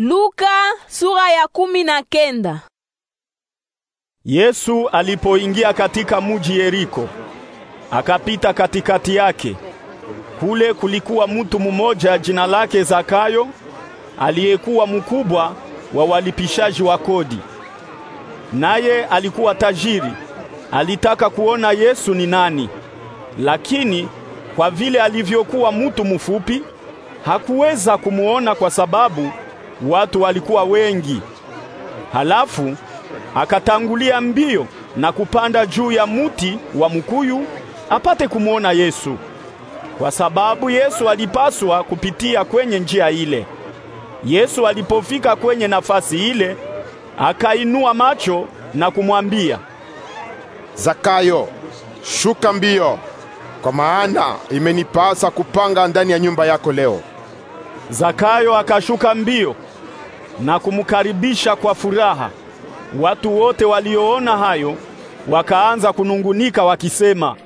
Luka sura ya kumi na kenda. Yesu alipoingia katika muji Yeriko, akapita katikati yake. Kule kulikuwa mutu mumoja jina lake Zakayo, aliyekuwa mkubwa wa walipishaji wa kodi. Naye alikuwa tajiri, alitaka kuona Yesu ni nani. Lakini kwa vile alivyokuwa mutu mfupi hakuweza kumuona kwa sababu watu walikuwa wengi. Halafu akatangulia mbio na kupanda juu ya muti wa mkuyu apate kumwona Yesu, kwa sababu Yesu alipaswa kupitia kwenye njia ile. Yesu alipofika kwenye nafasi ile, akainua macho na kumwambia, Zakayo, shuka mbio, kwa maana imenipasa kupanga ndani ya nyumba yako leo. Zakayo akashuka mbio na kumkaribisha kwa furaha. Watu wote walioona hayo wakaanza kunungunika wakisema,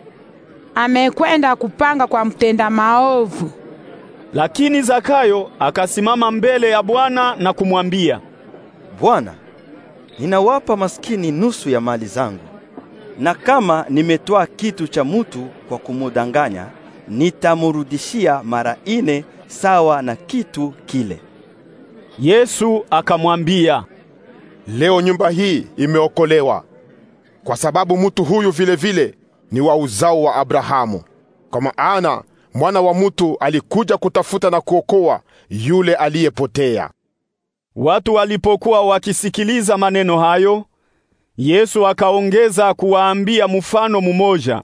amekwenda kupanga kwa mtenda maovu. Lakini Zakayo akasimama mbele ya Bwana na kumwambia, Bwana, ninawapa maskini nusu ya mali zangu, na kama nimetoa kitu cha mutu kwa kumudanganya, nitamurudishia mara ine sawa na kitu kile. Yesu akamwambia, leo nyumba hii imeokolewa, kwa sababu mtu huyu vilevile vile ni wa uzao wa Abrahamu. Kwa maana mwana wa mtu alikuja kutafuta na kuokoa yule aliyepotea. Watu walipokuwa wakisikiliza maneno hayo, Yesu akaongeza kuwaambia mfano mmoja,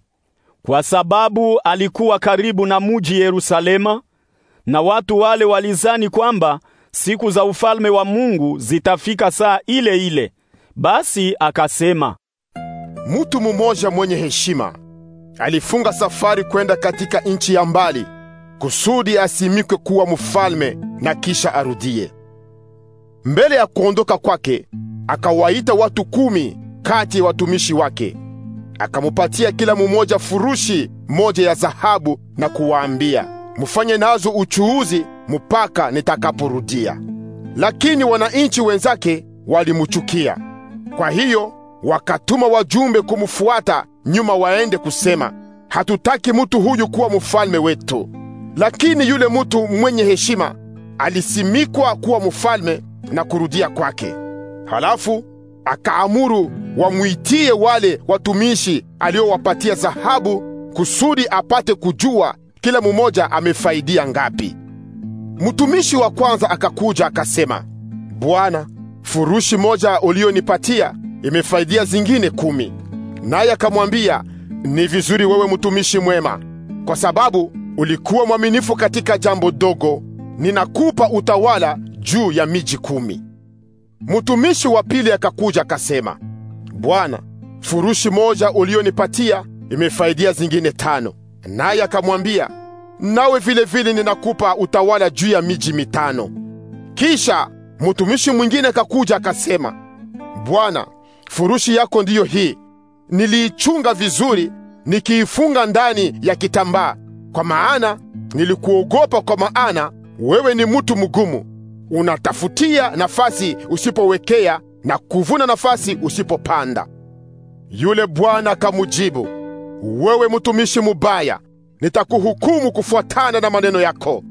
kwa sababu alikuwa karibu na muji Yerusalema, na watu wale walizani kwamba siku za ufalme wa Mungu zitafika saa ile ile. Basi akasema, mtu mmoja mwenye heshima alifunga safari kwenda katika nchi ya mbali kusudi asimikwe kuwa mfalme na kisha arudie. Mbele ya kuondoka kwake, akawaita watu kumi kati ya watumishi wake, akamupatia kila mmoja furushi moja ya dhahabu na kuwaambia mufanye nazo uchuuzi mpaka nitakaporudia. Lakini wananchi wenzake walimuchukia, kwa hiyo wakatuma wajumbe kumfuata nyuma, waende kusema, hatutaki mtu huyu kuwa mfalme wetu. Lakini yule mtu mwenye heshima alisimikwa kuwa mfalme na kurudia kwake. Halafu akaamuru wamwitie wale watumishi aliowapatia dhahabu kusudi apate kujua kila mmoja amefaidia ngapi? Mtumishi wa kwanza akakuja akasema, Bwana, furushi moja ulionipatia imefaidia zingine kumi. Naye akamwambia, ni vizuri wewe mtumishi mwema, kwa sababu ulikuwa mwaminifu katika jambo dogo, ninakupa utawala juu ya miji kumi. Mtumishi wa pili akakuja akasema, Bwana, furushi moja ulionipatia imefaidia zingine tano. Naye akamwambia, nawe vile vile ninakupa utawala juu ya miji mitano. Kisha mtumishi mwingine akakuja akasema, Bwana, furushi yako ndiyo hii, niliichunga vizuri nikiifunga ndani ya kitambaa, kwa maana nilikuogopa, kwa maana wewe ni mtu mgumu, unatafutia nafasi usipowekea na kuvuna nafasi usipopanda. Yule bwana akamujibu wewe mtumishi mubaya, nitakuhukumu kufuatana na maneno yako.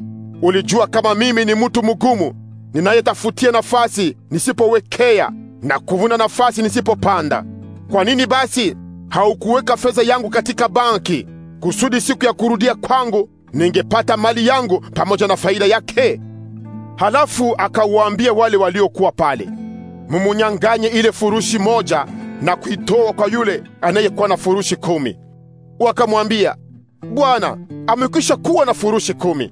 Ulijua kama mimi ni mtu mgumu ninayetafutia nafasi nisipowekea na kuvuna nafasi nisipopanda. Kwa nini basi haukuweka fedha yangu katika banki, kusudi siku ya kurudia kwangu ningepata mali yangu pamoja na faida yake? Halafu akawaambia wale waliokuwa pale, mumunyang'anye ile furushi moja na kuitoa kwa yule anayekuwa na furushi kumi wakamwambia, Bwana amekwisha kuwa na furushi kumi.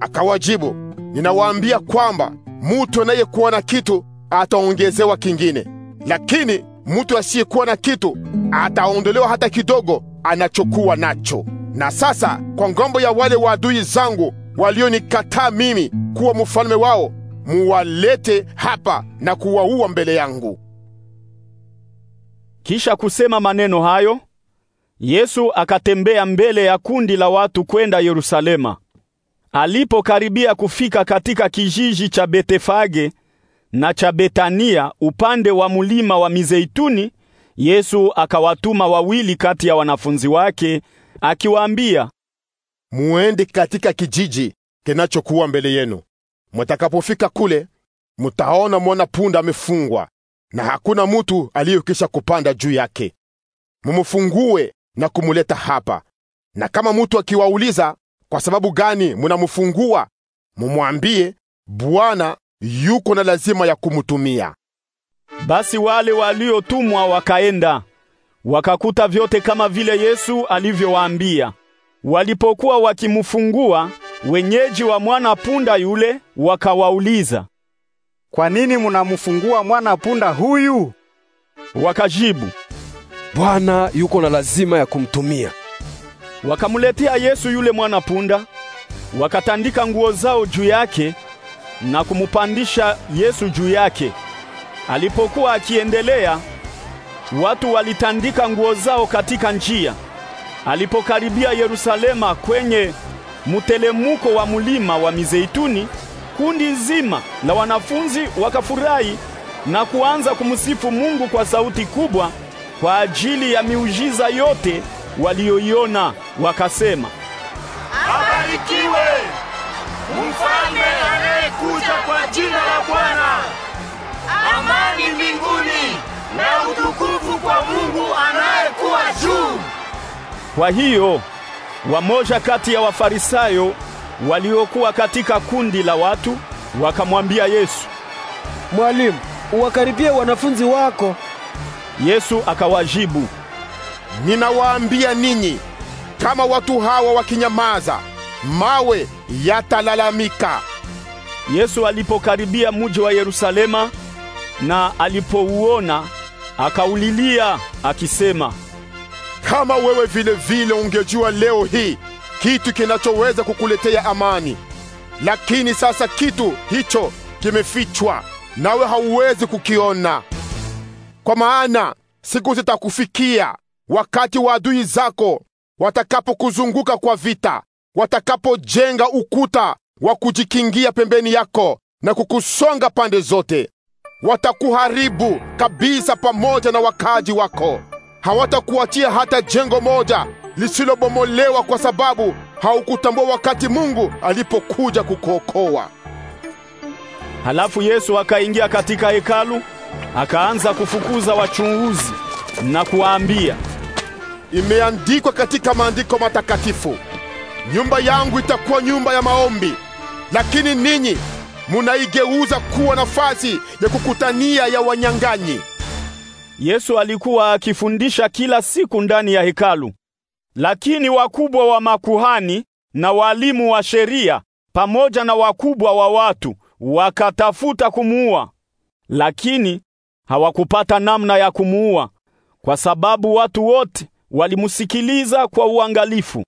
Akawajibu, ninawaambia kwamba mutu anayekuwa na kitu ataongezewa kingine, lakini mutu asiyekuwa na kitu ataondolewa hata kidogo anachokuwa nacho. Na sasa kwa ngambo ya wale waadui zangu walionikataa mimi kuwa mfalme wao, muwalete hapa na kuwaua mbele yangu. Kisha kusema maneno hayo Yesu akatembea mbele ya kundi la watu kwenda Yerusalema. Alipokaribia kufika katika kijiji cha Betefage na cha Betania upande wa mlima wa Mizeituni, Yesu akawatuma wawili kati ya wanafunzi wake akiwaambia, muende katika kijiji kinachokuwa mbele yenu. Mtakapofika kule, mtaona mwana punda amefungwa na hakuna mutu aliyekisha kupanda juu yake. Mumfungue na kumuleta hapa. Na kama mtu akiwauliza kwa sababu gani munamufungua, mumwambie Bwana yuko na lazima ya kumtumia. Basi wale waliotumwa wakaenda wakakuta vyote kama vile Yesu alivyowaambia. Walipokuwa wakimfungua, wenyeji wa mwana punda yule wakawauliza, kwa nini munamfungua mwana punda huyu? Wakajibu, Bwana yuko na lazima ya kumtumia. Wakamletea Yesu yule mwana punda, wakatandika nguo zao juu yake na kumupandisha Yesu juu yake. Alipokuwa akiendelea, watu walitandika nguo zao katika njia. Alipokaribia Yerusalema kwenye mutelemuko wa mulima wa Mizeituni, kundi nzima la wanafunzi wakafurahi na kuanza kumsifu Mungu kwa sauti kubwa kwa ajili ya miujiza yote walioiona, wakasema, abarikiwe mfalme anayekuja kwa jina la Bwana. Amani mbinguni na utukufu kwa Mungu anayekuwa juu. Kwa hiyo wamoja kati ya Wafarisayo waliokuwa katika kundi la watu wakamwambia Yesu, Mwalimu, uwakaribie wanafunzi wako Yesu akawajibu, ninawaambia ninyi, kama watu hawa wakinyamaza, mawe yatalalamika. Yesu alipokaribia mji wa Yerusalema na alipouona akaulilia akisema, kama wewe vile vile ungejua leo hii kitu kinachoweza kukuletea amani, lakini sasa kitu hicho kimefichwa nawe hauwezi kukiona. Kwa maana siku zitakufikia wakati wa adui zako watakapokuzunguka kwa vita, watakapojenga ukuta wa kujikingia pembeni yako na kukusonga pande zote. Watakuharibu kabisa pamoja na wakaaji wako. Hawatakuachia hata jengo moja lisilobomolewa, kwa sababu haukutambua wakati Mungu alipokuja kukuokoa. Halafu Yesu akaingia katika hekalu Akaanza kufukuza wachunguzi na kuwaambia, imeandikwa katika maandiko matakatifu, nyumba yangu itakuwa nyumba ya maombi, lakini ninyi munaigeuza kuwa nafasi ya kukutania ya wanyang'anyi. Yesu alikuwa akifundisha kila siku ndani ya hekalu, lakini wakubwa wa makuhani na walimu wa sheria pamoja na wakubwa wa watu wakatafuta kumuua lakini hawakupata namna ya kumuua, kwa sababu watu wote walimsikiliza kwa uangalifu.